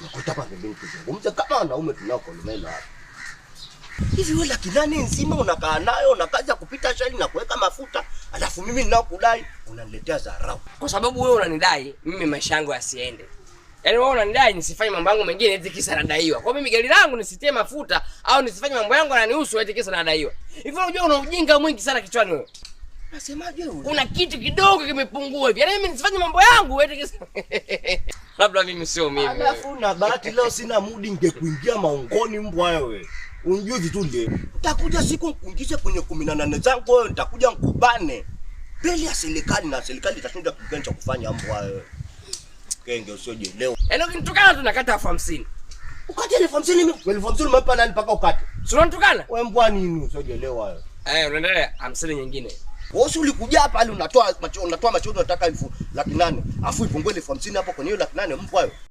unakuta pembeni tuzungumze kama wanaume tunaoko hapa. Hivi wewe laki nane nzima unakaa nayo na kazi ya kupita shari na kuweka mafuta, alafu mimi ninakudai unaniletea dharau. Kwa sababu wewe unanidai mimi maisha yangu yasiende. Yaani wewe unanidai nisifanye mambo yangu mengine eti kisa nadaiwa. Kwa mimi gari langu nisitie mafuta au nisifanye mambo yangu yananihusu eti kisa nadaiwa. Hivi unajua una ujinga mwingi sana kichwani wewe. Unasemaje wewe? Kuna kitu kidogo kimepungua hivi. Yaani mimi nisifanye mambo yangu eti kisa labda mimi sio mimi. Alafu na bahati leo sina mudi, ningekuingia maongoni mbwa wewe. Unjue vitu ndio. Nitakuja siku nikuingize kwenye 18 zangu wewe, nitakuja nkubane mbele ya serikali na serikali itashinda kugenja kufanya mbwa wewe. Kenge usiojielewa. Yaani ukinitukana tu nakata elfu hamsini. Ukate elfu hamsini mimi. Elfu hamsini umempa nani mpaka ukate? Sio unanitukana? Wewe mbwa nini usioje leo wewe? Eh, unaendelea hamsini nyingine. Wewe si ulikuja hapa ali unatoa macho unatoa macho unataka elfu laki nane. Afu ipungue elfu hamsini hapo kwenye hiyo laki nane mpo hayo.